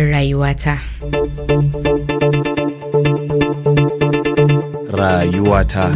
rayuwata. Rayuwata.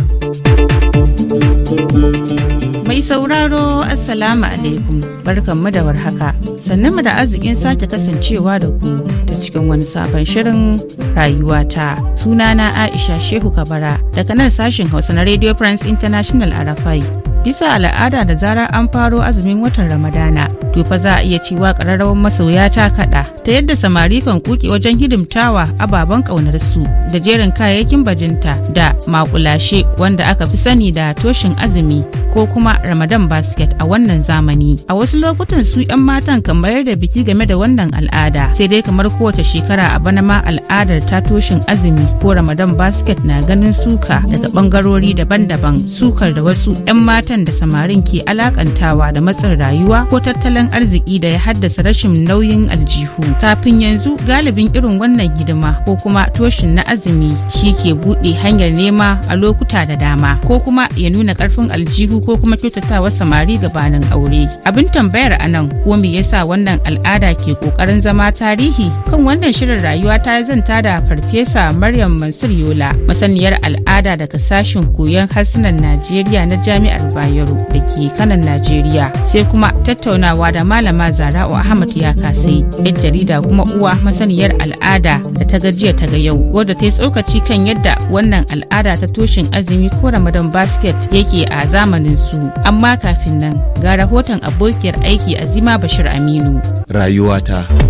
Mai sauraro Assalamu alaikum barkanmu da warhaka mu da arzikin sake kasancewa da ku ta cikin wani sabon shirin rayuwata sunana Aisha Shehu Kabara daga nan sashen Hausa na Radio France International a Rafai bisa al'ada da zarar an faro azumin watan ramadana to fa za a iya cewa ƙararrawar masoya ta kaɗa ta yadda samari kan kuke wajen hidimtawa ababen ƙaunarsu su da jerin kayayyakin bajinta da maƙulashe wanda aka fi sani da toshin azumi ko kuma Ramadan basket a wannan zamani. A wasu lokutan su 'yan matan kan mayar da biki game da wannan al'ada. Sai dai kamar kowace shekara a bana ma al'adar ta toshin azumi ko Ramadan basket na ganin suka daga bangarori daban-daban sukar da wasu 'yan matan da samarin ke alakantawa da matsin rayuwa ko tattalin arziki da ya haddasa rashin nauyin aljihu. Kafin yanzu galibin irin wannan hidima ko kuma toshin na azumi shi ke buɗe hanyar nema a lokuta da dama ko kuma ya nuna ƙarfin aljihu ko kuma kyautatawar samari gabanin aure abin tambayar a nan ko me yasa wannan al'ada ke kokarin zama tarihi kan wannan shirin rayuwa ta zanta da farfesa maryam mansur yola masaniyar al'ada daga sashen koyon harsunan najeriya na jami'ar bayero da ke kanan najeriya sai kuma tattaunawa da malama zara'u ahmad ya kasai yan jarida kuma uwa masaniyar al'ada da ta gajiya ta ga yau wadda ta yi tsokaci kan yadda wannan al'ada ta toshin azumi ko ramadan basket yake a zamanin su. Amma kafin nan ga rahoton abokiyar aiki Azima Bashir Aminu. Rayuwata.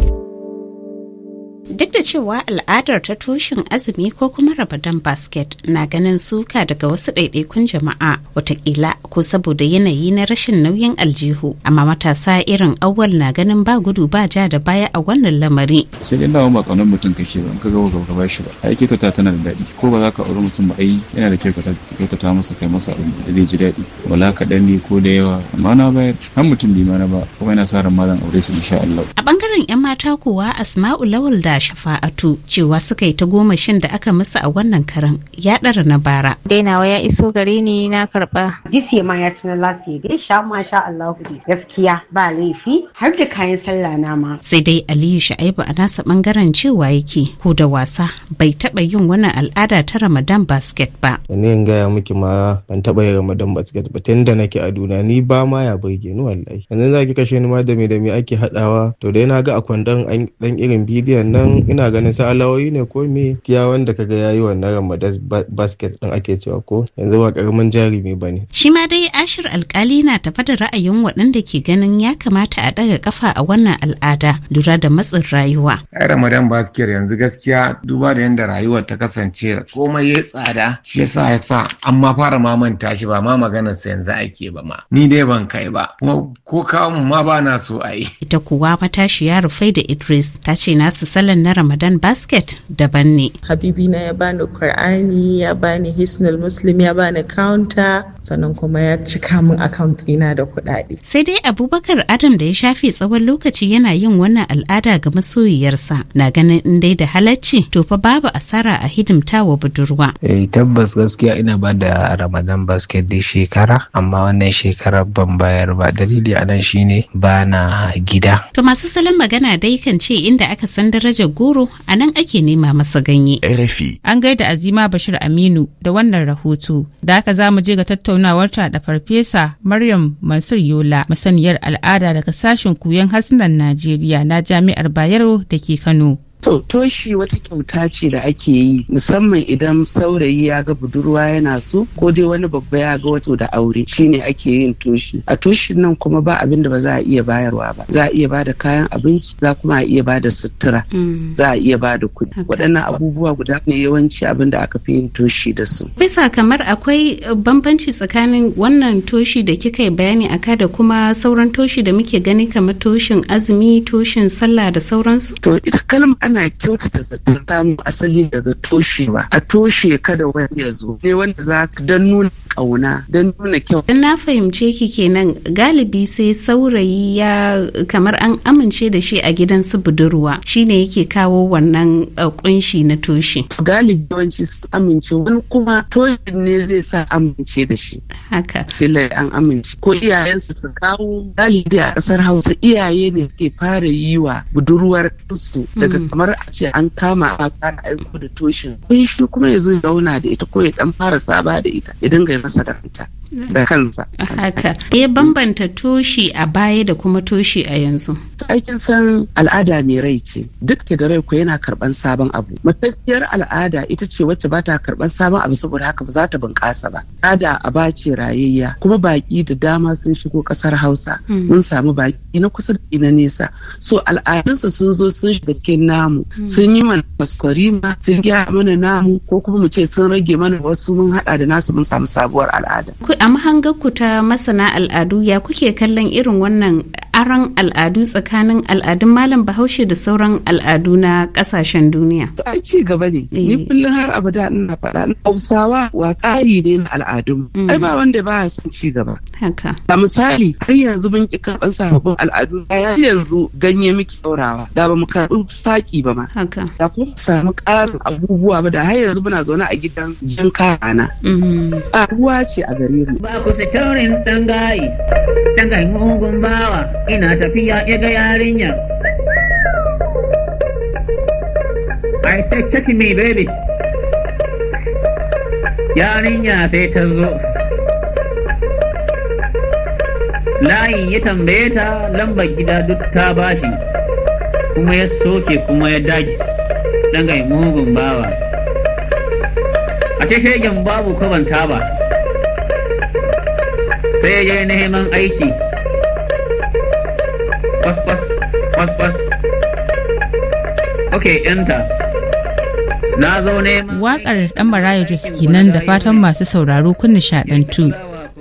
duk da cewa al'adar ta tushen azumi ko kuma rabadan basket na ganin suka daga wasu ɗaiɗaikun jama'a watakila ko saboda yanayi na rashin nauyin aljihu amma matasa irin awwal na ganin ba gudu ba ja da baya a wannan lamari sai dai nawa ba mutum kake ba ka ga gaba shi ba ai ta tana da daɗi ko ba za ka auri mutum ba ai yana da ta masa kai masa abin da zai ji daɗi wala kaɗan ne ko da yawa amma na bayar har mutum bai mana ba kuma yana sa ran malam aure su insha Allah a bangaren yan mata kuwa Asma'u Lawal da a shafa'atu cewa suka yi ta goma shin da aka musu a wannan karan ya ɗara na bara. Dainawa ya iso gari ni na karɓa. Jisiye ma ya tuna lasi dai sha ma sha Allahu dai gaskiya ba laifi har da kayan sallah na ma. Sai dai Aliyu Sha'ibu a nasa ɓangaren cewa yake ko da wasa bai taɓa yin wannan al'ada ta Ramadan basket ba. Ni in gaya miki ma ban taɓa yin Ramadan basket ba tun da nake a duna ni ba ma ya burge ni wallahi. Yanzu za ki kashe ni ma da me da me ake haɗawa to dai na ga a kwandon ɗan irin bidiyon nan nan ina ganin sa alawoyi ne ko me kiya wanda kaga yayi wannan ramadan basket din ake cewa ko yanzu ba karamin jarumi bane shi ma dai ashir alkali na tafa da ra'ayin waɗanda ke ganin ya kamata a ɗaga kafa a wannan al'ada dura da matsin rayuwa ramadan basket yanzu gaskiya duba da yanda rayuwar ta kasance komai ya tsada shi yasa yasa an ma fara mamanta shi ba ma maganar sa yanzu ake ba ma ni dai ban kai ba kuma ko kawo ma ba na so a yi ita kuwa matashiya rufai da idris ta ce nasu salon na Ramadan basket daban ne. Habibi na ya bani Qur'ani, ya bani Hisnul Muslim, ya bani counter, sannan kuma ya cika min account ina da kuɗaɗe. Sai dai Abubakar Adam da ya shafe tsawon lokaci yana yin wannan al'ada ga masoyiyarsa na ganin in dai da halacci to fa babu asara a hidimta wa budurwa. Eh tabbas gaskiya ina ba da Ramadan basket dai shekara amma wannan shekara ban bayar ba dalili a nan shine ba na gida. To masu salon magana dai kan ce inda aka san darajar da goro a nan ake nema masa ganye. RFI. An gaida Azima Bashir Aminu da wannan rahoto. Da haka za mu je ga tattaunawar ta da Farfesa Maryam Mansur Yola masaniyar al'ada daga sashen koyon harsunan Najeriya na Jami'ar Bayero da ke Kano. To, toshi wata kyauta ce da ake yi musamman idan saurayi ya ga budurwa yana so ko dai wani babba ya ga wato da aure shine ake yin toshi. A toshin nan kuma ba abin da ba za a iya bayarwa ba. Za a iya da kayan abinci, za kuma a iya ba da sutura, mm. za a iya da kuɗi. Waɗannan abubuwa guda ne yawanci abin da aka fi yin toshi da su. Bisa kamar akwai eh, bambanci tsakanin wannan toshi da kika yi bayani aka da kuma sauran toshi da muke gani kamar toshin azumi, toshin sallah da sauransu. To ita kalmar Ana kyautata zaton tamu asali daga toshewa a toshe kada wani ya zo ne wanda za don nuna kauna don nuna kyau dan na fahimce ki kenan galibi sai saurayi ya kamar an amince da shi a gidan su budurwa shine yake kawo wannan kunshi uh, na toshe galibi yawanci amince wani kuma toshe ne zai sa amince da shi haka sai an amince ko iyayensu su kawo galibi a kasar hausa iyaye ne ke fara yi wa budurwar su daga kamar a ce an kama a kana aiko da toshin kun shi kuma ya zo ya zauna da ita ko ya dan fara saba da ita ya dinga masa da da kansa. Haka. Ya bambanta toshi a baya da kuma toshi a yanzu. Aikin san al'ada mai rai ce. Duk da rai ku yana karban sabon abu. Matakiyar al'ada ita ce wacce ba ta karban sabon abu saboda haka ba za ta bunƙasa ba. Al'ada a ba ce rayayya kuma baƙi da dama sun shigo ƙasar Hausa. Hmm. Mun samu baƙi na kusa da na nesa. So al'adunsu sun zo sun shiga cikin namu. Hmm. Sun yi mana kwaskwarima, sun gyara mana namu ko kuma mu ce sun rage mana wasu mun haɗa da nasu mun samu sabuwar al'ada. a mahangarku ta masana al'adu ya kuke kallon irin wannan aron al'adu tsakanin al'adun malam bahaushe da sauran al'adu na kasashen duniya to ai ci gaba ne ni eh. kullum har abada ina faɗa hausawa wa ƙari ne na al'adun mm. ai ba wanda ba san ci gaba haka a misali har yanzu mun ki karɓar sababbin al'adu ya yanzu ganye muke ɗaurawa da ba mu karɓi saki ba ma haka da kuma samu ƙarin abubuwa ba da har yanzu muna zaune a gidan jin kana na. Mm-hmm. ruwa ce a gare mu ba ku sa taurin dangayi dangayi mugun bawa ina tafiya ya ga yarinya I said check me baby yarinya sai ta zo layin ya tambaye ta lambar gida duk ta bashi kuma ya soke kuma ya dage dangai mugun bawa a ce shegen babu kwabanta ba sai ya je neman aiki pass, pass, pass, pass. Okay, enter na zaune waƙar ɗan maraya jos nan da fatan masu sauraro kun nishaɗantu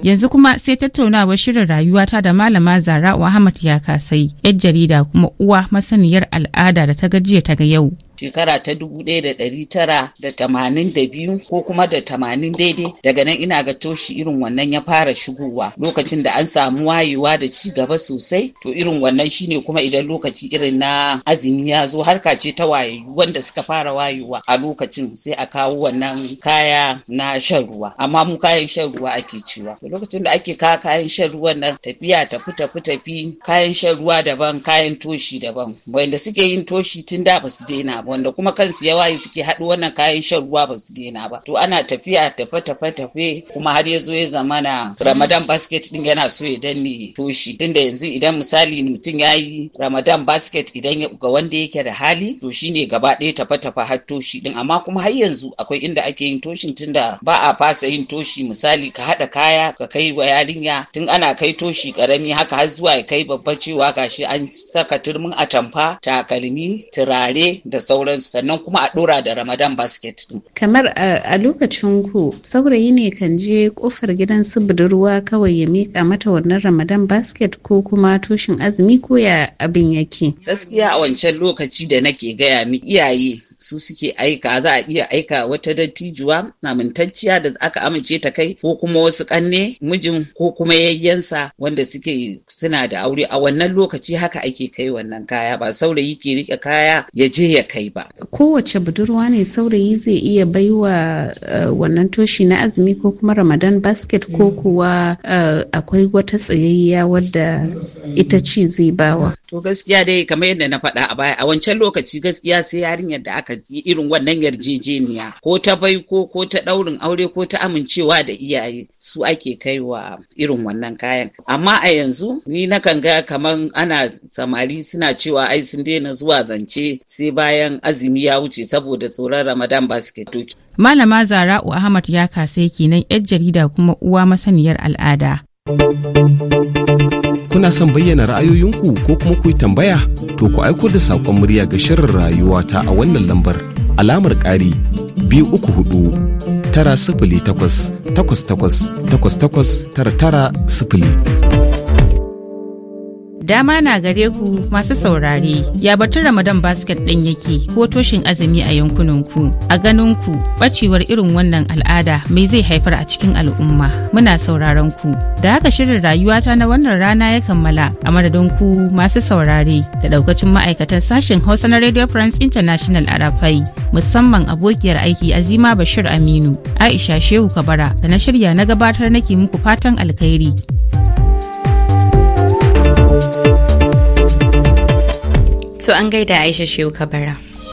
yanzu kuma sai tattaunawar shirin rayuwata da malama zara'u ahmad ya kasai yar jarida kuma uwa masaniyar al'ada da ta gajiya ta ga yau shekara ta dubu ɗaya da ɗari tara da tamanin da biyu ko kuma da tamanin daidai daga nan ina ga toshi irin wannan ya fara shigowa lokacin da an samu wayewa da ci gaba sosai to irin wannan shine kuma idan lokaci irin na azumi ya zo harka ce ta waye wanda suka fara wayewa a lokacin sai a kawo wannan kaya na shan ruwa amma mu kayan shan ruwa ake cewa lokacin da ake kawo kayan shan ruwa nan tafiya tafi tafi tafi kayan shan ruwa daban kayan toshi daban wanda suke yin toshi tun da basu su daina wanda kuma kansu ya suke haɗu wannan kayan shan ruwa ba su daina ba to ana tafiya tafe tafe tafe kuma har ya zo ya na ramadan basket din yana so ya danne toshi tunda yanzu idan misali mutum ya yi ramadan basket idan ga wanda yake da hali to shine gaba ɗaya tafe tafe har toshi din amma kuma har yanzu akwai inda ake yin toshin tunda ba a fasa yin toshi misali ka haɗa kaya ka kai wa yarinya tun ana kai toshi karami haka har zuwa ya kai babba cewa gashi an saka turmin atamfa takalmi turare da sauran sauransu sannan kuma a dora da Ramadan basket din. Kamar a lokacin ku saurayi ne kan je kofar gidan su budurwa kawai ya mika mata wannan Ramadan basket ko kuma tushen azumi ko ya abin yake. Gaskiya a wancan lokaci da nake gaya mi iyaye su suke aika za a iya aika wata dattijuwa amintacciya da aka amince ta kai ko kuma wasu kanne mijin ko kuma yayyensa wanda suke suna da aure a wannan lokaci haka ake kai wannan kaya ba saurayi ke rike kaya ya je ya kai ba kowace budurwa ne saurayi zai iya baiwa eh, wannan toshi na azumi ko kuma ramadan basket ko hmm. kuwa eh, akwai wata tsayayya wadda ita ce zai bawa to gaskiya dai kamar yadda na faɗa a baya a wancan lokaci gaskiya sai yarinyar da aka irin wannan yarjejeniya ko ta baiko ko ta daurin aure ko ta amincewa da iyaye su ake kaiwa irin wannan kayan amma a yanzu ni na kan ga kamar ana samari suna cewa ai sun daina zuwa zance sai bayan azumi ya wuce saboda tsoron ramadan ba su ke toki malama zara'u ahmad ya yake kenan yar jarida kuma uwa masaniyar al'ada kuna son bayyana ra'ayoyinku ko kuma ku yi tambaya to ku aiko da saƙon murya ga shirin rayuwa ta a wannan lambar alamar ƙari biyu uku hudu tara sifili takwas takwas takwas takwas takwas tara tara sifili. Dama na gare ku masu saurare ya batun Ramadan basket ɗin yake ko toshin azumi a yankunan ku. A ganin ku bacewar irin wannan al'ada mai zai haifar a cikin al'umma muna sauraron ku. Da haka shirin rayuwata na wannan rana ya kammala a madadin ku masu saurare da daukacin ma'aikatan sashen Hausa na Radio France International a Rafai musamman abokiyar aiki Azima Bashir Aminu, Aisha Shehu Kabara da na shirya na gabatar nake muku fatan alkhairi. su an gaida Aisha Shehu Kabara.